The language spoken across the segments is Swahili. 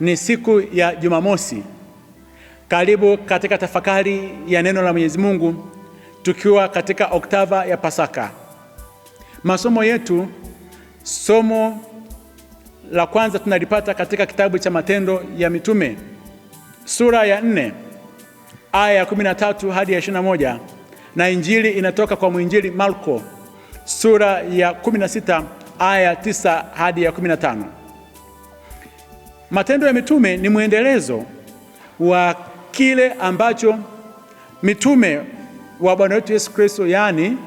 Ni siku ya Jumamosi. Karibu katika tafakari ya neno la Mwenyezi Mungu tukiwa katika oktava ya Pasaka. Masomo yetu, somo la kwanza tunalipata katika kitabu cha Matendo ya Mitume sura ya nne aya ya 13 hadi ya 21, na injili inatoka kwa mwinjili Marko sura ya 16 aya ya 9 hadi ya 15. Matendo ya Mitume ni mwendelezo wa kile ambacho mitume wa Bwana wetu Yesu Kristo, yaani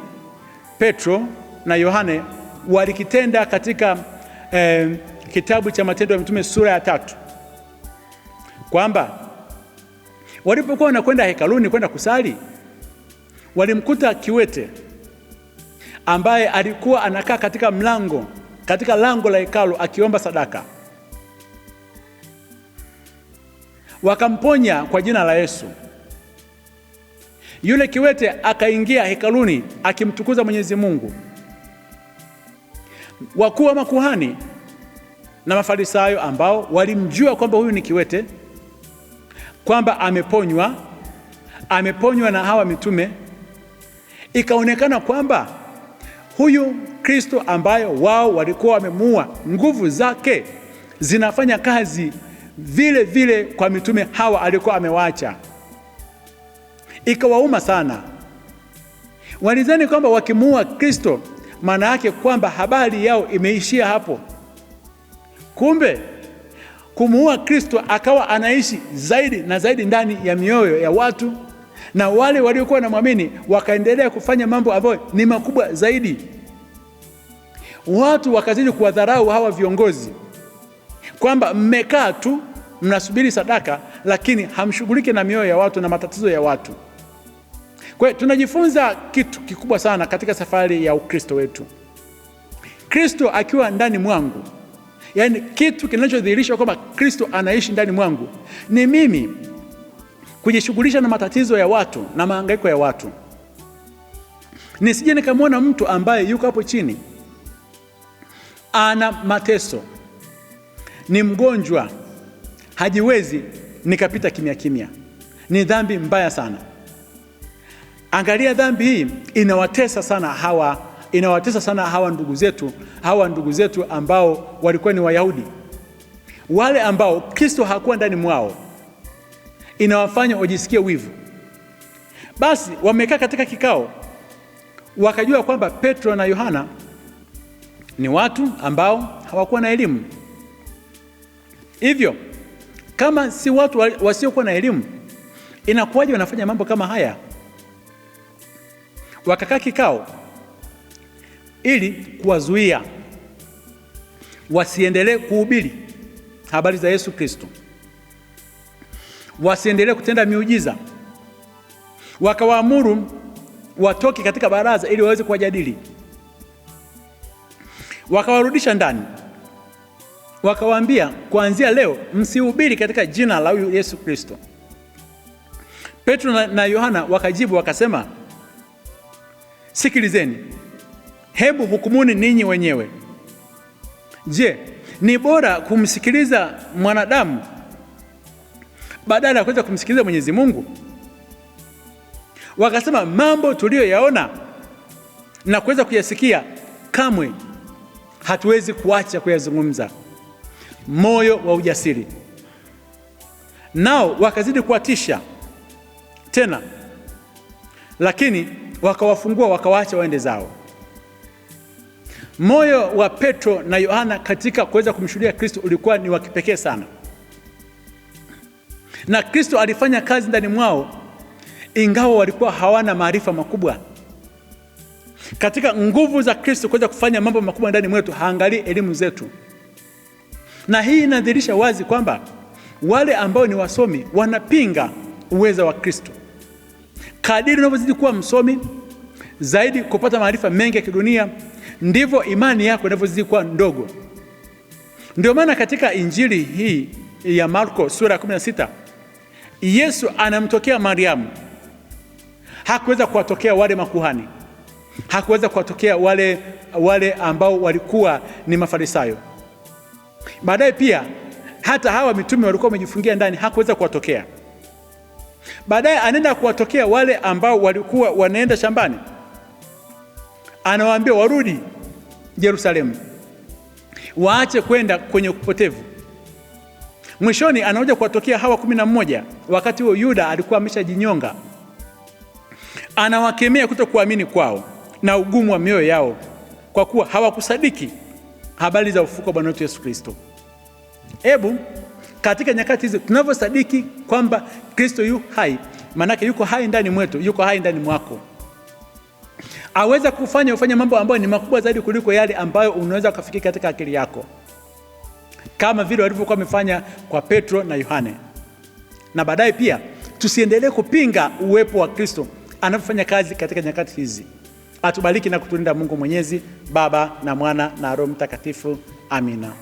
Petro na Yohane walikitenda katika eh, kitabu cha Matendo ya Mitume sura ya tatu, kwamba walipokuwa wanakwenda hekaluni kwenda kusali walimkuta kiwete ambaye alikuwa anakaa katika mlango katika lango la hekalu akiomba sadaka. wakamponya kwa jina la Yesu. Yule kiwete akaingia hekaluni akimtukuza Mwenyezi Mungu. Wakuu wa makuhani na Mafarisayo ambao walimjua kwamba huyu ni kiwete, kwamba ameponywa, ameponywa na hawa mitume, ikaonekana kwamba huyu Kristo ambayo wao walikuwa wamemuua, nguvu zake zinafanya kazi vile vile kwa mitume hawa alikuwa amewaacha, ikawauma sana. Walizani kwamba wakimuua Kristo maana yake kwamba habari yao imeishia hapo. Kumbe kumuua Kristo akawa anaishi zaidi na zaidi ndani ya mioyo ya watu, na wale waliokuwa na mwamini wakaendelea kufanya mambo ambayo ni makubwa zaidi. Watu wakazidi kuwadharau hawa viongozi kwamba mmekaa tu mnasubiri sadaka, lakini hamshughuliki na mioyo ya watu na matatizo ya watu. Kwa hiyo tunajifunza kitu kikubwa sana katika safari ya Ukristo wetu, Kristo akiwa ndani mwangu, yaani kitu kinachodhihirisha kwamba Kristo anaishi ndani mwangu ni mimi kujishughulisha na matatizo ya watu na mahangaiko ya watu, nisije nikamwona mtu ambaye yuko hapo chini, ana mateso, ni mgonjwa hajiwezi, nikapita kimya kimya. Ni dhambi mbaya sana. Angalia, dhambi hii inawatesa sana hawa, inawatesa sana hawa ndugu zetu, hawa ndugu zetu ambao walikuwa ni Wayahudi wale ambao Kristo hakuwa ndani mwao, inawafanya wajisikie wivu. Basi wamekaa katika kikao, wakajua kwamba Petro na Yohana ni watu ambao hawakuwa na elimu, hivyo kama si watu wasiokuwa na elimu, inakuwaje wanafanya mambo kama haya? Wakakaa kikao ili kuwazuia wasiendelee kuhubiri habari za Yesu Kristo, wasiendelee kutenda miujiza. Wakawaamuru watoke katika baraza ili waweze kuwajadili, wakawarudisha ndani. Wakawaambia, kuanzia leo msihubiri katika jina la huyu Yesu Kristo. Petro na Yohana wakajibu wakasema, sikilizeni, hebu hukumuni ninyi wenyewe. Je, ni bora kumsikiliza mwanadamu badala ya kuweza kumsikiliza Mwenyezi Mungu? Wakasema, mambo tuliyoyaona na kuweza kuyasikia kamwe hatuwezi kuacha kuyazungumza moyo wa ujasiri, nao wakazidi kuwatisha tena, lakini wakawafungua wakawaacha waende zao. Moyo wa Petro na Yohana katika kuweza kumshuhudia Kristo ulikuwa ni wa kipekee sana, na Kristo alifanya kazi ndani mwao, ingawa walikuwa hawana maarifa makubwa. Katika nguvu za Kristo kuweza kufanya mambo makubwa ndani mwetu, haangalii elimu zetu na hii inadhihirisha wazi kwamba wale ambao ni wasomi wanapinga uweza wa Kristo. Kadiri unavyozidi kuwa msomi zaidi, kupata maarifa mengi ya kidunia, ndivyo imani yako inavyozidi kuwa ndogo. Ndio maana katika injili hii ya Marko sura ya 16 Yesu anamtokea Mariamu. Hakuweza kuwatokea wale makuhani, hakuweza kuwatokea wale, wale ambao walikuwa ni Mafarisayo. Baadaye pia hata hawa mitume walikuwa wamejifungia ndani, hakuweza kuwatokea. Baadaye anaenda kuwatokea wale ambao walikuwa wanaenda shambani, anawaambia warudi Yerusalemu, waache kwenda kwenye upotevu. Mwishoni anakuja kuwatokea hawa kumi na mmoja. Wakati huo Yuda alikuwa ameshajinyonga, anawakemea kuto kuamini kwao na ugumu wa mioyo yao, kwa kuwa hawakusadiki habari za ufufuko wa Bwana wetu Yesu Kristo. Hebu katika nyakati hizi tunavyosadiki kwamba Kristo yu hai, maanake yuko hai ndani mwetu, yuko hai ndani mwako, aweza kufanya ufanye mambo ambayo ni makubwa zaidi kuliko yale ambayo unaweza ukafikiri katika akili yako, kama vile walivyokuwa wamefanya kwa Petro na Yohane. Na baadaye pia tusiendelee kupinga uwepo wa Kristo anavyofanya kazi katika nyakati hizi. Atubariki na kutulinda Mungu Mwenyezi, Baba na Mwana na Roho Mtakatifu. Amina.